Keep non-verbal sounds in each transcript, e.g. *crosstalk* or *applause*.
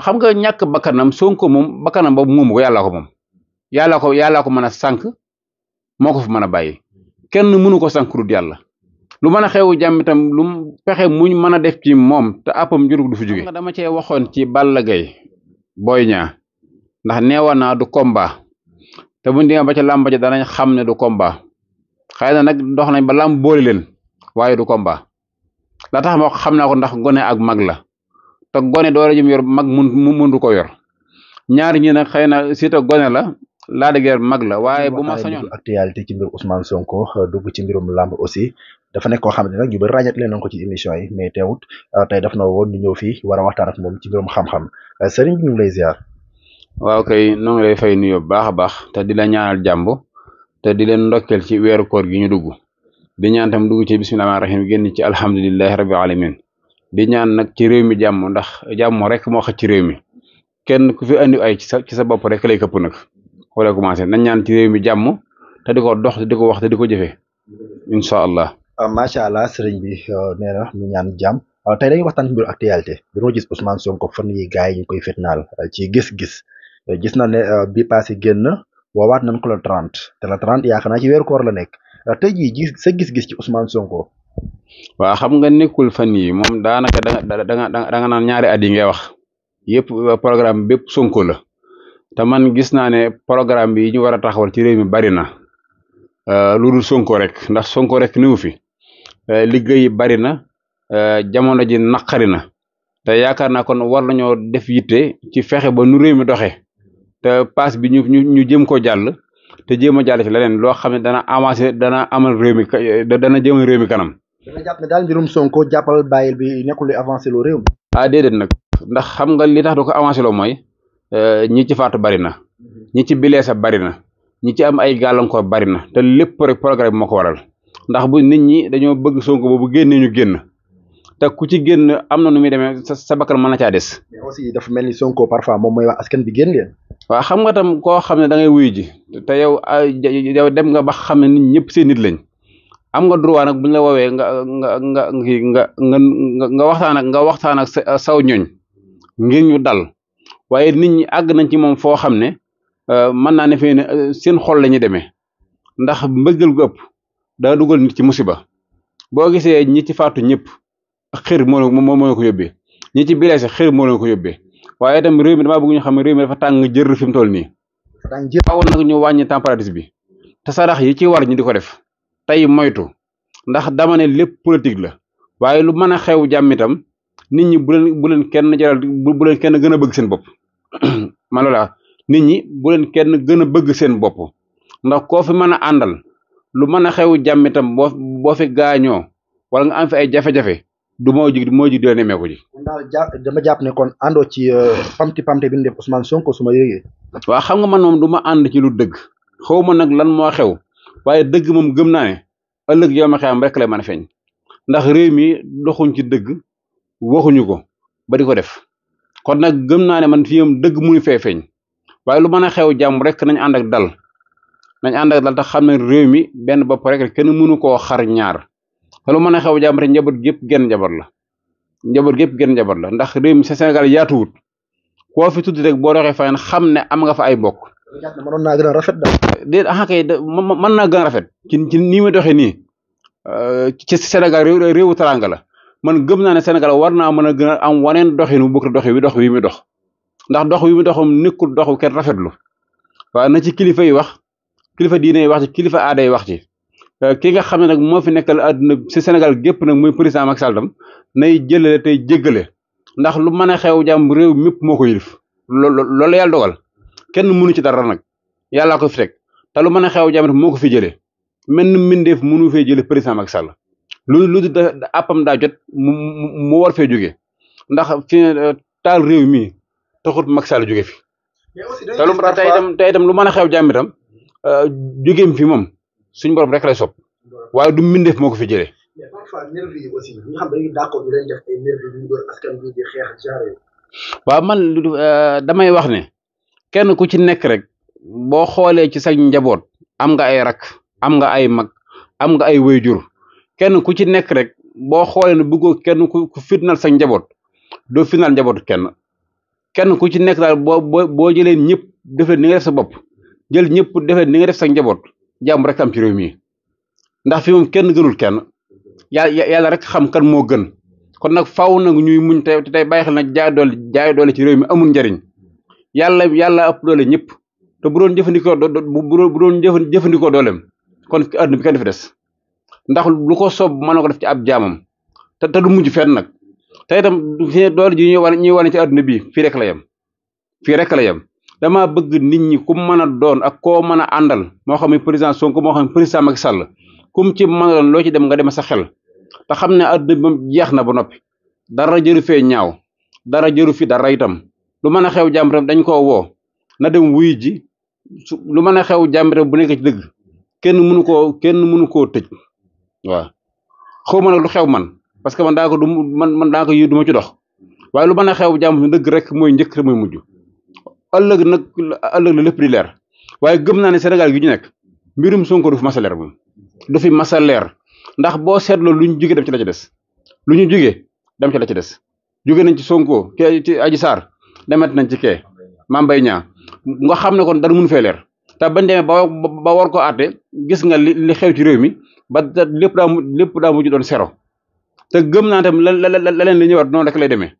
xam nga ñàkk bakkanam Sonko moom bakkanam boobu moomu ko yàllaa ko moom yàllaa ko yàllaa ko mën a sànq moo ko fa mën a bàyyi kenn mënu ko sànq rut yàlla lu mën a xewu jàmm itam lu pexe muñ mën a def ci moom te àppam jurug du fi jóge dama cee waxoon ci Balla Gaye Boy Niang ndax neewoon naa du komba te buñ demee ba ca làmb ja danañ xam ne du komba xëy na nag dox nañ ba làmb boole leen waaye du komba la tax ma xam naa ko ndax gone ak mag la te gone doole jum yor mag mun mu mëndu ko yor ñaar ñi nag xëy na si gone la Lac de Guiers mag la waaye bu ma sañoon actualité ci mbirum Ousmane Sonko euh, dugg ci mbirum làmb aussi dafa nekko xam ne nag ñu bëri ràññat ko ci émission yi mais teewut euh, tey daf na woon ñu ñëw fii war a waxtaan ak moom ci mbirum xam-xam euh, sëriñ bi ñu lay ziar. waaw kay lay fay nuyo bu baax a baax te di la ñaanal jàmm te di leen ndokkeel ci weeru koor gi ñu dugg di ñaan tam dugg ci bisimilah rahmaani rahiim génn ci alhamdulilah rabil alamin di ñaan nag ci réew mi jàmm ndax jàmm rek moo xaj ci réew mi kenn ku fi andi ay ci sa ci sa bopp rek lay këpp nag wala commencé nañ ñaan ci réew mi jàmm te di ko dox di ko wax te di ko jëfee incha allah. Ah, macha allah sëriñ bi euh, nee na ñaan jàmm ah, tey dañuy waxtaan ci actualité actualité dañoo gis Ousmane Sonko fan yi gars yi ñu koy fitnaal euh, ci gis-gis euh, gis na ne bi passé génn woowaat nañ ko le 30 te le 30 yaakaar naa ci weeru koor la nekk tey jii gis sa gis-gis ci Ousmane Sonko. waaw xam nga nekkul fan yi moom daanaka danga danga danga naan ñaari at yi wax yëpp uh, programme bépp Sonko la te man gis naa ne programme bi yi ñu war a taxawal ci réew mi bari na uh, lu dul Sonko rek ndax Sonko rek niwu fi uh, liggéey yi bari na jamono ji naqari na te yaakaar naa kon war nañoo def yitte ci fexe ba nu réew mi doxee te paas bi ñu ñu ñu jëm ko jàll te jéem a jàll ci leneen loo xam ne dana avancé dana amal réew mi dana jëmal réew kanam. da nga jàpp ne daal mbirum Sonko jàppal bàyyil bi nekkul lu avancé loo réew mi. ah nag ndax xam nga li tax du ko avancé loo mooy euh, ñi ci faatu bari na mm-hmm. ñi ci bileesa bari na ñi ci am ay gàllankoor bari na te lépp rek programme moo ko waral ndax bu nit ñi dañoo bëgg Sonko boobu génnee ñu génn. te ku ci génn am na nu muy demee sa sa bakkan mën na caa des. mais dafa mel ni Sonko parfois moom mooy wax askan bi génn leen. waaw xam nga tam koo xam ne dangay ngay wuyu ji te yow yow ah, dem nga ba xam ne nit ñëpp seen lañ am nga droit nag bu ñu la woowee nga nga nga nga nga nga waxtaan ak waxtaan ak saw ñooñ ngir ñu dal waaye nit ñi àgg nañ ci moom foo xam ne euh, mën naa ne fii ne euh, seen xol la ñu demee ndax mbëggal gu ëpp daa dugal ñu ci musiba boo gisee ñi ci faatu ñëpp xër moo moo moo ko yóbbee ñi ci blessé xër moo leen ko yóbbee waaye itam réew mi damaa bëgg ñu xam ne réew mi dafa tàng jër fi mu toll nii. tàng jër ñu wàññi température bi te sarax yi ci war ñu di ko def. tey moytu ndax dama ne lépp politique la waaye lu mën a xew jàmm itam nit ñi bu bu leen kenn jaral bu leen kenn gën a bëgg seen bopp *clears throat* ma loola nit ñi bu kenn gën a bëgg seen bopp ndax koo fi mën a àndal lu mën a xew jàmm itam boo gaañoo wala nga am fi ay jafe-jafe du moo ji moo ji doo nemmeeku ji. kon daal dama jàpp ne kon àndoo ci euh, pamti pamte bi ñu def Ousmane Sonko suma ma yëgee. xam nga man moom du ma ànd ci lu dëgg xaw ma nag lan moo xew. waaye dëgg moom gëm naa ne ëllëg yow ma xeexam rek lay mën a feeñ ndax réew mi doxuñ ci dëgg waxuñu ko ba ko def kon nag gëm naa ne man fii moom dëgg muy fee feeñ waaye lu mën a xew jàmm rek nañ ànd ak dal nañ ànd ak dal te xam ne réew mi benn bopp rek kenn mënu koo xar ñaar te lu mën a xew jàmm rek njaboot gépp genn njaboot la njaboot gépp genn njaboot la ndax réew mi sa Sénégal yaatuwut koo fi tudd rek boo doxee faneen xam ne am nga fa ay bokk mënoon naa gën a rafet daal. déedéet ah mën naa gën a rafet ci ci nii ma doxee nii euh, ci Sénégal réew réewu teraanga la man gëm naa ne Sénégal war naa mën a gën a am waneen doxinu bu bokk dox wi dox wi mu dox ndax dox wi mu doxam nekkul dox kenn rafetlu waaye na ci kilifa yi wax kilifa diine yi wax ci kilifa aada yi wax ci. Euh, ki nga xam ne nag moo fi nekkal àdduna si Sénégal gépp nag muy président Macky Sall tam nay jëlale tey jéggale ndax lu mën a xew jàmm réew mépp moo ko yilif loolu yàlla dogal. kenn mënu ci dara nag yàllaa ko fi teg te lu mën a xew jamono moo ko fi jëlee menn mbindeef mënu fee jëlee président Macky Sall lu lu da àppam daa jot mu mu war fee jóge ndax fi eh, taal réew mi taxut Macky Sall jóge fi te lu tey itam tey itam lu mën a xew jàmm itam eh, jógeem fi moom suñu borom rek lay sopp waaye du mbindeef moo ko fi jëlee. mais parfois nervi eh, wax ne. kenn ku ci nekk rek boo xoolee ci sa njaboot am nga ay rak am nga ay mag am nga ay wayjur kenn ku ci nekk rek boo xoolee ne bëggoo kenn ku fitnal sa njaboot doo fitnal njabootu kenn kenn ku ci nekk daal bo boo boo jëlee ñëpp def ni nga sa bopp jël ñëpp def leen ni nga def sa njaboot jàmm rek am ci réew mi ndax fi moom kenn gënul kenn yàlla yàlla rek xam kan moo gën kon nag faaw nag ñuy muñ tey tey bàyyi xel nag jaay doole ci réew mi amul njariñ yàlla yàlla app doole ñëpp te bu doon jëfandikoo bu doon jëfandikoo dooleem kon àdduna bi kenn fi des ndax lu ko soob mën na ko def ci ab jaamam te te du mujj fenn nag te itam doole ji ñuy wane ñuy wane ci àdduna bi fii rek la yem fii rek la yem dama bëgg nit ñi ku mën a doon ak koo mën a àndal moo xam ne président sonk moo xam ne président Macky Sall kum ci mën a loo ci dem nga demee sa xel te xam ne àdduna bi moom jeex na ba noppi dara jëru fee ñaaw dara jëru fi dara itam lu mën a xew jàmbaram dañ koo woo na dem wuy ji su lu mën a xew jàmbaram bu nekk ci dëgg kenn mënu koo kenn mënu koo tëj waaw xaw ma nag lu xew man parce que man daa ko du man man daa ko du ma ci dox waaye lu mën a xew jàmbaram dëgg rek mooy njëkk rek mooy mujj ëllëg nag ëllëg la lépp di leer waaye gëm naa ne Sénégal gi ñu nekk mbirum Sonko du fi masa leer moom du fi masa leer ndax boo seetloo lu ñu jógee ci la ci des lu ñu jógee dem ci la ci des jóge nañ ci Sonko ci ci Adji demet nañ ci kee Mame ñaa nga xam ne kon dara mun fee leer te bañ demee ba ba war ko àtte gis nga li li xew ci réew mi ba lépp daa lépp daa mujj doon sero te gëm naa tam la la la leen li ñëwaat noonu rek lay demee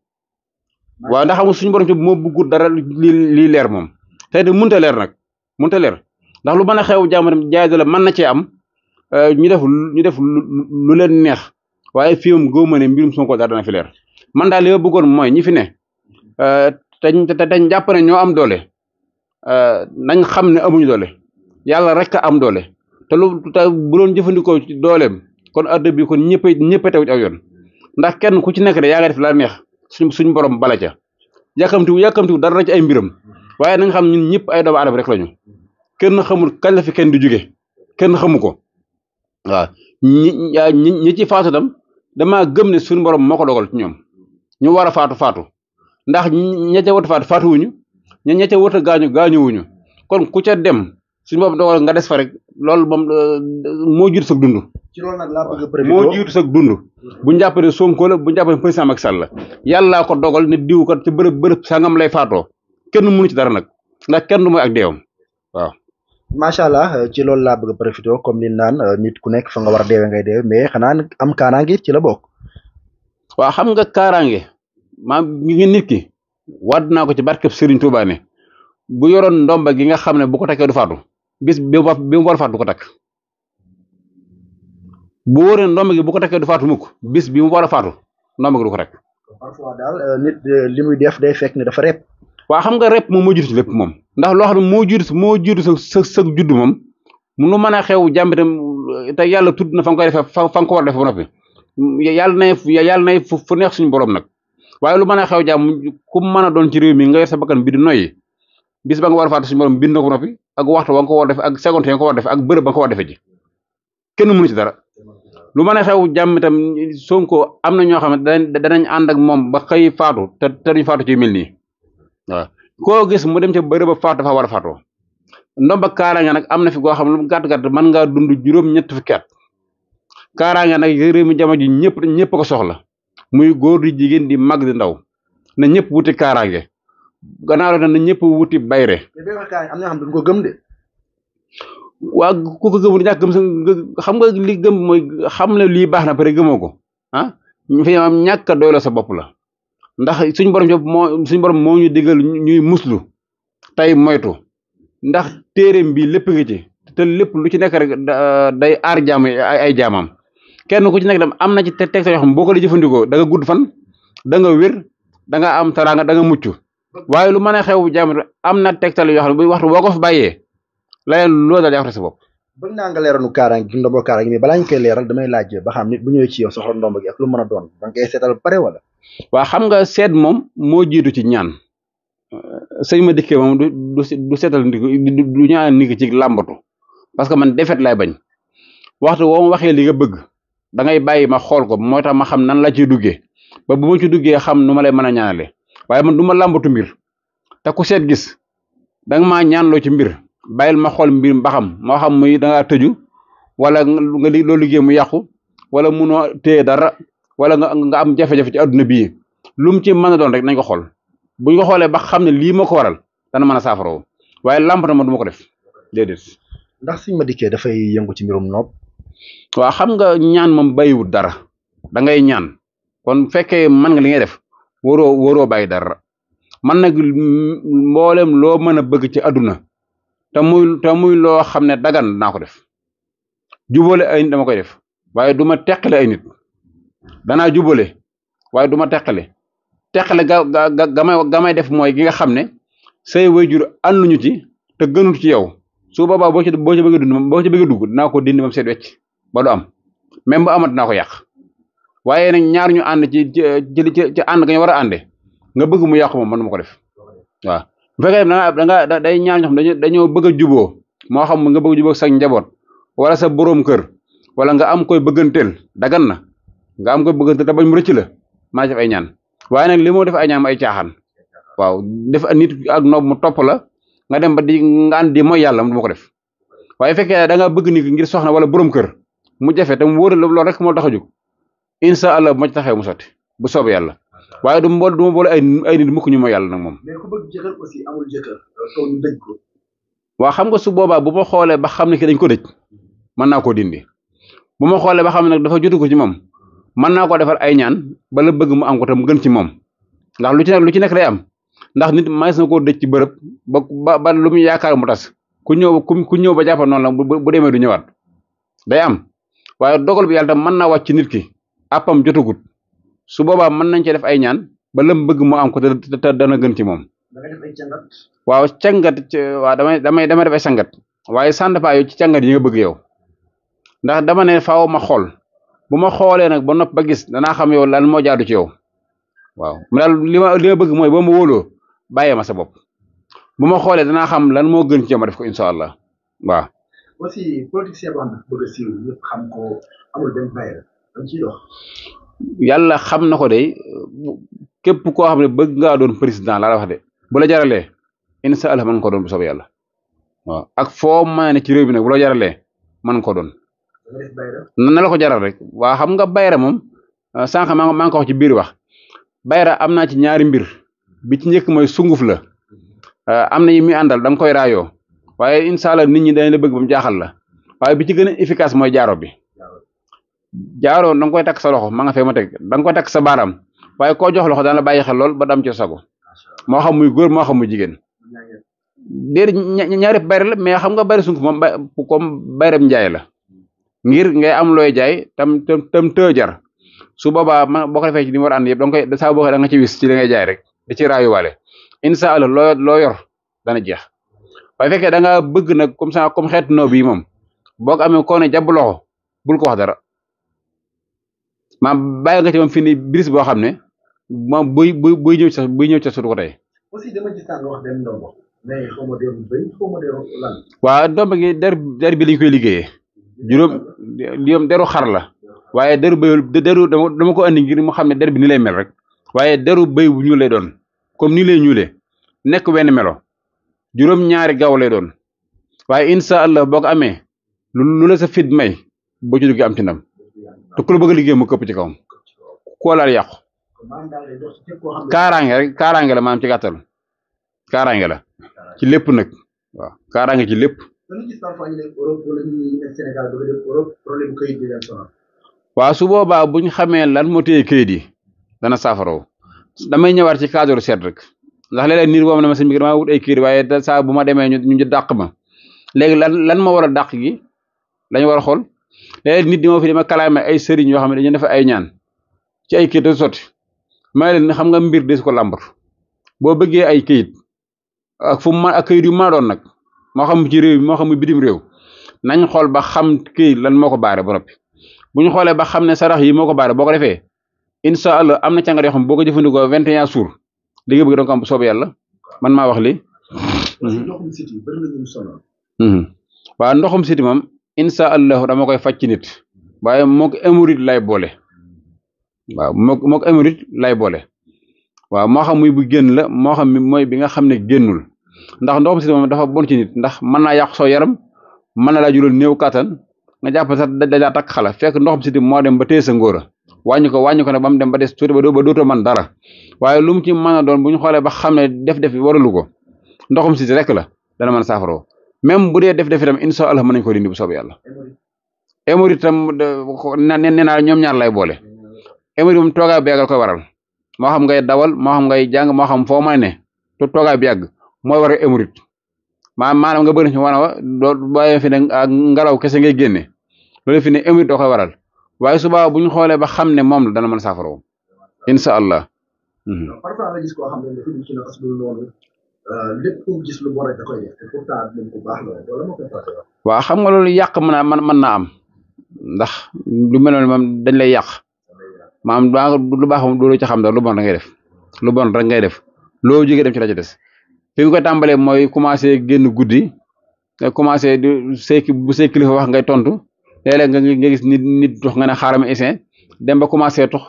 waaw ndax amul suñu borom ci moo bëggul dara lii lii leer moom tey de mënta leer nag mënta leer ndax lu mën a xew jàmm tam jaay doole man na cee am euh, ñu def ñu def lu leen neex waaye fii moom gëw ma ne mbirum Sonko dara dana fi leer man daal li ma bëggoon mooy ñi fi ne euh, teñ te dañ jàpp ne ñoo am doole euh, nañ xam ne amuñu doole yàlla rek am doole te lu te buroon jëfandikoo ci dooleem kon adda bi kon ñëpp ñëpp tew ci aw ndax kenn ku ci nekk de yaa def la neex suñ suñ borom bala ca yàkkamtiwu yàkkamtiwu dara ci ay mbiram waaye na xam ñun ñëpp ay doomu aadama rek lañu kenn xamul kañ fi kenn di jóge kenn xamu ko waaw ñi ñi ci faatu tam damaa gëm ne suñu borom moo ko dogal ñoom ñu war a faatu faatu ndax ña ca war a faatu faatuwuñu ña ña ca war gaañu gaañuwuñu kon ku ca dem si bopp dogal nga des fa rek lool moom euh, moo jiitu sag dund. ci loolu nag laa bëgg a prévision moo jiitu sag dund. bu ñu jàpp la bu ñu jàpp ne président Macky Sall la ko dogal ne diw ko ci bërëb bërëb sangam lay faatoo kenn mënu ci dara nag ndax kenn du ak deewam waaw. macha allah euh, ci loolu laa bëgg a profité comme ni naan euh, nit ku nekk fa nga war a deewee ngay deewee mais xanaa am kaaraange ci la bokk. xam nga kaaraange maam gi nit ki wadd naa ko ci barke Serigne Touba ne bu yoroon ndomba gi nga xam ne bu ko takkee du faatu bis bi mu war a faatu ko takk bu ndomba gi bu ko takkee du faatu bis bi mu war a faatu ndomba ko rek euh, nit euh, li muy def day fekk ne dafa rep. waa xam nga rep moom moo jiitu lépp moom ndax loo xam ne moo jiitu moo jiitu sa sa sa judd moom lu mën a xew jàmm te yàlla tudd na fa nga koy defee fa nga ko war a defee ba noppi yàlla nay yàlla nay fu neex suñu borom nag. waaye lu mën a xew jaam ku mën doon ci réew mi nga yor sa bakkan bi di noyyi bis ba nga war a faatu suñu borom bind na ko noppi ak waxtu wa nga ko war def ak seconde nga ko war def ak bërëb ko war kenn mënu ci dara lu mën a xew jàmm itam Sonko am na ñoo xam ne danañ ànd ak moom ba xëy faatu te te duñ faatu ci mel nii waa koo gis mu dem ca bërëb ba faatu fa war a faatoo ndomba kaaraange nag am na fi goo xam lu gàtt-gàtt mën ngaa dund juróom ñett fukki at kaaraange nag réew mi jamono ji ñëpp ñëpp ko soxla muy góor di jigéen di mag di ndaw na ñëpp wuti kaaraange gannaaw na na ñëpp wuti bayre am na xam duñ ko gëm de. waa ku ko gëm sa xam nga li gëm mooy xam ne lii baax na pare gëmoo ko ah fi am ñàkk a doyloo sa bopp la ndax suñ borom moo suñ borom moo ñu ñuy muslu tey moytu ndax téereem bi lépp ngi ci te lépp lu ci nekk rek day aar jaam ay jaamam. kenn ku ci nekk dem am na ci texte yoo xam boo ko di jëfandikoo da nga gudd fan da nga wér da nga am taraanga da nga mucc waaye lu man a xew jaam am na tegtal yoo xam ne bu waxtu boo ko fa bàyyee la leen loolu daal sa bopp. bëgg naa nga leeralal kaaraan gi ndombo kaaraan gi mais balaa ñu koy leeral damay laaj ba xam nit bu ñëwee ci a doon seetal pare waa xam nga seet moom moo jiitu ci ñaan euh, sëñ ma dikkee moom du du seetal ndig du ñaan ndig ci làmbatu parce que man defet laay bañ waxtu woo ma waxee li bëgg. da ngay bàyyi ma xool ko moo tax ma xam nan la ci duggee ba bu ma ci duggee xam nu ma lay mën a ñaanale waaye man du ma làmbatu mbir te ku seet gis danga maa ñaanloo ci mbir bàyyil ma xool mbir mbaxam moo xam muy dangaa tëju wala nga li loo liggéey mu yàqu wala munoo téye dara wala nga nga am jafe-jafe ci àdduna bii lu mu ci mën a doon rek nañ ko xool buñ ko xoolee ba xam ne lii moo ko waral dana mën a saafaroo waaye làmbatu ma du ma ko def déedéet. ndax suñ ma dikkee dafay yëngu ci mbirum nopp waaw xam nga ñaan mam bàyyiwul dara da ngay ñaan kon fekkee man nga li ngay def waroo waroo bàyyi dara man nag mboolem loo mën a bëgg ci àdduna te muy te muy loo xam ne dagan naa ko def jubale ay nit dama koy def waaye du ma teqale ay nit danaa jubale waaye du ma teqale teqale ga ga gamay gamay def mooy gi nga xam ne say wayjur ànduñu ci te gënul ci yow su boobaa boo ci boo ci bëgg dund boo ci bëgg dugg dinaa ko dindi moom seet ba du am même bu amat na ko yàq waaye nag ñaar ñu ànd ci ci ci ànd ga ñu war a ànde nga bëgg mu yàqu moom man ko def waaw bu fekkee da nga da day ñaar dañoo bëgg a juboo moo xam nga bëgg a juboo sa njaboot wala sa boroom kër wala nga am koy bëgganteel dagan na nga am koy bëgganteel te bañ mu rëcc la maa def ay ñaan waaye li moo def ay ñaan ay caaxaan waaw def nit ak noob mu topp la nga dem ba di nga di mooy yàlla du ma ko def waaye fekkee da nga bëgg nit ngir soxna wala boroom kër mu jafe tam wóoral la loolu rek moo tax a jóg incha allah bu ma taxee mu sotti bu soobee yàlla waaye du mbool du ma boole ay ay nit mukk ñu ma yàlla nag moom. mais ku ko. waaw xam nga su boobaa bu ma xoolee ba xam ne ki dañ ko dëj mën naa koo dindi bu ma xoolee ba xam ne dafa jotu ko ci moom mën naa ko defal ay ñaan bala bëgg mu am ko tam gën ci moom ndax lu ci nekk lu ci nekk day am ndax nit mais na koo dëj ci bërëb ba ba lu mu yaakaar mu tas ku ñëw ku ñëw ba jàpp noonu la bu demee du ñëwaat waaye dogal bi yàlla tam mën naa wàcc nit ki àppam jotagut su boobaa mën nañ cee def ay ñaan ba lam bëgg moo am ko te te dana gën ci moom. waaw cangat waa damay damay damay def ay sangat waaye sàndpaa yow ci cangat yi nga bëgg yow ndax dama ne faaw ma xool bu ma xoolee nag ba nopp ba gis danaa xam yow lan moo jaadu ci yow waaw mu daal li bëgg mooy boo ma wóoloo bàyyee ma sa bopp bu ma xoolee danaa xam lan moo gën ci ma def ko incha allah waaw aussi politicien xam na ko de képp koo xam ne bëgg ngaa doon président laa la de bu la jaralee incha allah mën nga ko doon bu soobee ak foo mën ne ci réew bi nag bu la jaralee mën ko doon. na la ko jaral rek waa xam nga bayra moom ah, sànq maa ngi ko ci biir wax bayra am naa ci ñaari mbir bi ci njëkk mooy sunguf la mm-hmm. ah, am na yi muy àndal da koy raayoo. waaye incha allah nit ñi dañ la bëgg ba mu jaaxal la waaye bi ci gën a efficace mooy jaaro bi jaaro da koy takk sa loxo ma nga fee ma teg da nga koy takk sa baaraam waaye koo jox loxo daan la bàyyi xel lool ba dam ci sago moo xam muy góor moo xam muy jigéen déer ñaari bayre la mais xam nga bayre sunk moom comme bayrem njaay la ngir ngay am looy jaay tam tam tëë jar su boobaa ma boo ko defee ci ni mu war ànd yëpp da nga koy saa boo da nga ci wis ci li jaay rek da ci raayuwaale incha allah loo loo yor dana jeex waaye fekkee da nga bëgg nag comme ça comme xeetu noob yi moom boo ko amee koo ne jàpp loxo bul ko wax dara maam bàyyi nga ci moom fii nii brise boo xam ne moom buy buy buy ñëw buy ñëw ca suuf ko tey. aussi dama gisaan wax bi lañ koy liggéeyee juróom yoom deru xar la waaye deru bëyul daru dama dama ko andi ngir mu xam ne der bi ni lay mel rek waaye daru bëy bu ñuul lay doon comme nii lay ñuule nekk wenn melo juróom-ñaari gaaw lay doon waaye incha allah boo ko amee lu la sa fit may boo ci duggee am ci ndam te ku la bëgg a liggéey mu këpp ci kawam laal yàqu kaaraange rek kaaraange la maanaam ci gàttal kaaraange la ci lépp nag waaw kaaraange ci lépp. waaw su boobaa bu xamee lan moo téye dana saafaro damay ñëwaat ci cadre seet rek. ndax léeg-léeg niir boo xam ne ma sëñ bi damaa wut ay kiir waaye saa bu ma demee ñu ñu dàq ma léegi lan lan ma war a dàq gi dañu war a xool léeg-léeg nit di ma fi dama kalaame ay sëriñ yoo xam ne dañu def ay ñaan ci ay kiir da sotti may leen xam nga mbir des ko làmbar boo bëggee ay kayit ak fu ma ak kayit yu ma doon nag moo xam ci réew moo xam mu bitim réew nañ xool ba xam kayit lan moo ko baare ba noppi ñu xoolee ba xam ne sarax yi moo ko baare boo ko defee incha allah am na càngat yoo xam boo ko jëfandikoo 21 jours li nga bëgg danga ko am bu soobee yàlla man maa wax li mhm. waaw ndoxum siti moom incha allahu dama koy faj ci nit waaye mook émurit lay boole waaw mook mook émurit lay boole waaw moo xam muy bu génn la moo xam mooy bi nga xam ne génnul ndax ndoxum siti moom dafa bon ci ndax mën naa yàq soo yaram mën na laa jural néew kàttan nga jàpp sax dajaa takk xala fekk ndoxum siti moo dem ba téye sa ngóora wàññi ko wàññi ko nag ba mu dem ba des tuuti ba dootoo mën dara waaye lu mu ci mën doon bu ñu xoolee ba xam ne def-def waralu ko ndoxum si rek la dana mën saafaro même bu dee def-def itam insha allah mën nañu ko dindi bu soobee yàlla émori itam nee naa ñoom ñaar lay boole émori moom toogaa bi yàggal koy waral moo xam ngay dawal moo ngay jàng moo xam foo may ne to toogaa bi yàgg mooy waral émorit maa maanaam nga bëri ci wana wa doo bàyyi fi ne ngalaw kese ngay génne loolu fi ne émorit doo koy waral waaye suba bu ñu xoolee ba xam ne moom la dana mën a saafara woon incha allah. Mhm. parfois nga gis euh, xam nga loolu yàq mën naa mën naa am ndax lu mel noonu moom dañ lay yàq maam daa lu baax moom doo ci xam dara lu bon rek ngay def lu bon rek ngay def loo jógee dem ci la ci des fi tàmbalee mooy commencé génn guddi te commencé di say bu say kilifa wax ngay tontu. léeg-léeg nga nga gis nit nit tux nga ne xaaral ma isin dem ba commencé tux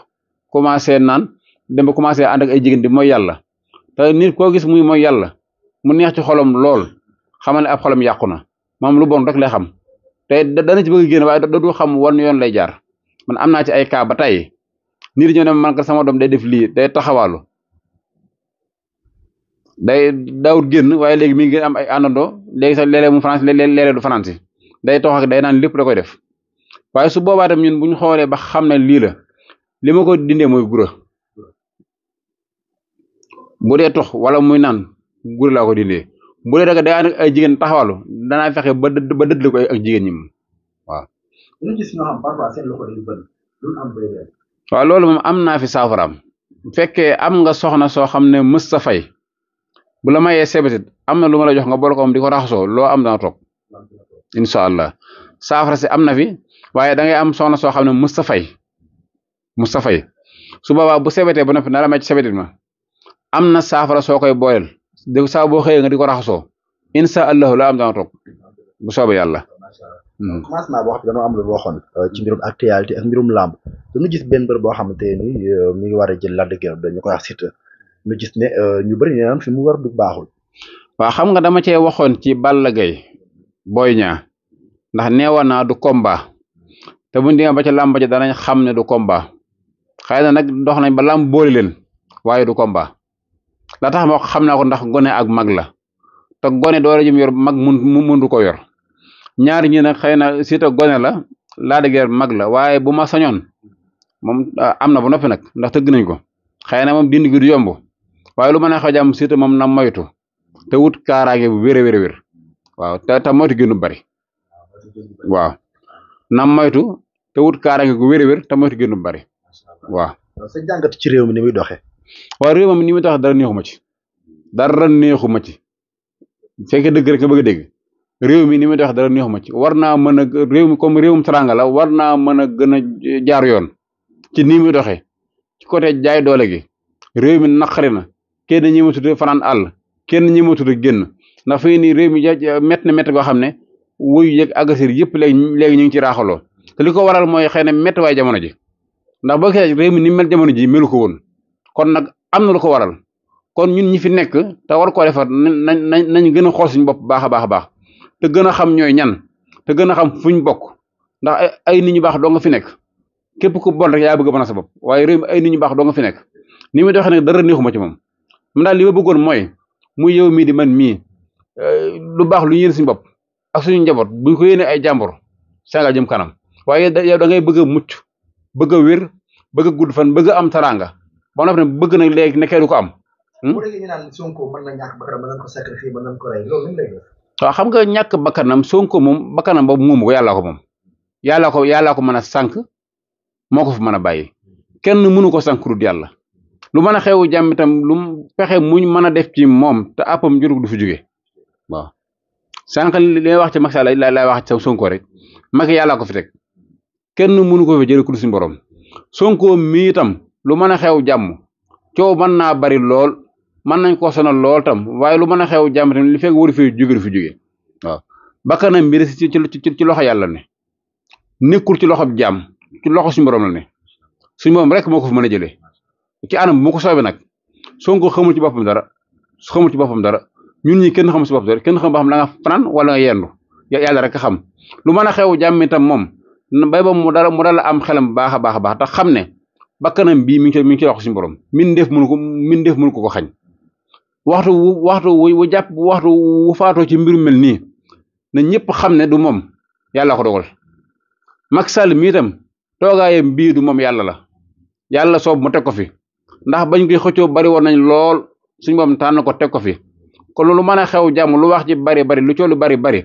commencé naan dem ba commencé ànd ak ay jigéen di mooy yàlla te nit koo gis muy mooy yàlla mu neex ci xolom lool xamal ne ab xolom yàqu na moom lu bon rek lay xam te dana ci bëgg génn waaye da du xam wan yoon lay jaar man am naa ci ay kaaba tay tey nit ñoo man ka sama doom day def lii day taxawaalu day daawut génn waaye léegi mi ngi am ay àndandoo léegi sax léeg-léeg mu France léeg-léeg du France day tox ak day naan lépp da koy def waaye su boobaa tam ñun bu ñu xoolee ba xam ne lii la li ma ko dindee mooy gura bu dee tox wala muy naan gura laa ko dindee bu dee daga day ànd ak ay jigéen taxawalu danaa fexe ba dëdd ba dëdd ko ak jigéen ñi moom waaw. ñu gis am béy loolu moom am naa fi saafaraam bu fekkee am nga soxna soo xam ne mës sa fay bu la mayee sebetit am na lu ma la jox nga boole ko am di ko raxasoo loo am dana toog incha allah. saafara si am na fi waaye da ngay am soxna soo xam ne musta fay musta fay su boobaa bu sebetee ba noppi na la may ci sebetit ma am na saafara soo koy booleel di saa boo xëyee nga di ko raxasoo sa allahu la am dana toog bu soobee yàlla. Hmm. commencement boo xam ne euh, ci mbirum actualité ak mbirum làmb dañu gis benn boo xamante ni euh, mi ngi war a jël laajte dañu koy wax Siteu gis ne euh, ñu bëri mu war du baaxul. xam nga dama cee waxoon ci Balla Gaye Boy Niang ndax neewoon naa du combat te buñ demee ba ca làmb ja danañ xam ne du komba xëy na nag dox nañ ba làmb boole leen waaye du combat la tax ma xam naa ko ndax gone ak mag la te gone doole jum yor mag mun mu mundu ko yor ñaari ñi xëy na Siteu gone la Lac de mag la waaye bu ma sañoon moom ah, am na ba noppi nag ndax tëgg nañ ko xëy na moom dindi gi du yomb waaye lu mën a xaw jàmm moom na moytu te wut kaaraange bu wér a wér a moytu gi bari waaw na moytu te wut kaaraange gu wér-wér te moytu génn bari waaw. réew mi ni muy doxee. waaw réew mi ni muy tax dara neexu ma ci dara neexu ma ci fekkee dëgg rek nga bëgg dégg réew mi ni muy tax dara neexu ma ci war naa mën a réew mi comme réewum teraanga la war naa mën a gën a jaar yoon ci nii muy doxee ci côté jaay doole gi réew mi naqari na kenn ñi ma tudd fanaan àll kenn ñi ma tudd génn ndax fii nii réew mi ja met na met goo xam ne. wuyu yeeg agresseur yëpp léegi léegi ñu ngi ci raaxaloo te li ko waral mooy xëy na méttiwaay jamono ji ndax boo xoolee réew mi ni mel jamono ji melu ko woon kon nag am na lu ko waral kon ñun ñi fi nekk te war koo defar nañ nañ nañ gën a xool suñu bopp baax a baax a baax te gën a xam ñooy ñan te gën a xam fuñ bokk ndax ay nit ñu baax doo nga fi nekk képp ku bon rek yaa bëgg a mën a sa bopp waaye réew mi ay nit ñu baax doo nga fi nekk ni muy doxee nag dara neexuma ci moom mu daal li ma bëggoon mooy muy yow mii di man mii euh, lu baax lu ñu yéen suñu bopp ak suñu njaboot bu ko yéene ay jàmbur Sénégal jëm kanam waaye yow da ngay bëgg a mucc bëgg a wér bëgg a gudd fan bëgg am taraanga ba nga xam ne bëgg na léegi nekkee du ko am. Hmm? bu dee ñu ñàkk bakkanam mën ko xam nga ñàkk bakkanam Sonko moom bakkanam boobu moomu ko yàllaa ko moom yàllaa ko yàllaa ko mën a sànq moo ko fi mën a bàyyi kenn mënu ko sànq rut yàlla lu mën a xewu jàmm itam lu pexe muñ mën a def ci moom te àppam jurug du fi jóge sànq li may wax ci Macky Sall la laay wax Sonko rek Macky yàllaa ko fi teg kenn mënu ko fi jëlee ku suñu sonkoo Sonko mii itam lu mën a xew jàmm coow mën naa bari lool mën nañ koo sonal lool tam waaye lu mën a xew jàmm tamit li fekk waru fi jóge fi jóge waaw bakkanam mbir ci ci ci loxo yàlla ne nekkul ci loxo jàmm ci loxo suñu borom la ne suñu rek moo ko fi mën a jëlee ci anam bu ko soobee nag Sonko xamul ci boppam dara xamul ci boppam dara. ñun ñi kenn xamul si bopp kenn xam ba xam da nga fanaan wala nga yendu yàlla rek xam lu mën a xew jàmm tam moom bay ba mu dara mu dala am xelam bu baax a baax a baax te xam ne bakkanam bii mi ngi mi ngi koy wax suñu borom min def mënu ko min def mënu ko ko xañ waxtu wu waxtu wu jàpp waxtu wu faatoo ci mbirum mel nii na ñëpp xam ne du moom yàlla ko dogal Macky Sall mi itam toogaayam bii du moom yàlla la yàlla soob mu teg ko fi ndax bañ koy xëccoo bari woon nañ lool suñu borom tànn ko teg ko fi kon lu mën a xew jàmm lu wax ji bari bari lu coow bari bari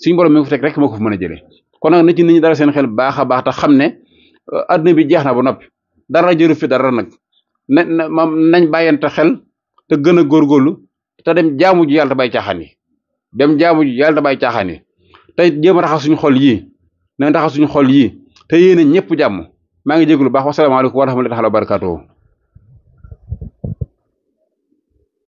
suñu borom mi ngi fi rek moo ko mën a jëlee kon nag na ci nit ñi dara seen xel baax a baax te xam ne euh, adduna bi jeex na ba nopp dara jëru fi dara nag na na nañ bàyyante xel te gën a góorlu te dem jaamu ji bay caaxaan yi dem jaamu ji yàlla bay caaxaan yi te jéem a raxas suñu xol yii na raxas suñu xool yii te yéene ñëpp jàmm maa ngi jégalu baax wasalaamaaleykum wa rahmatullahi wa barakatuh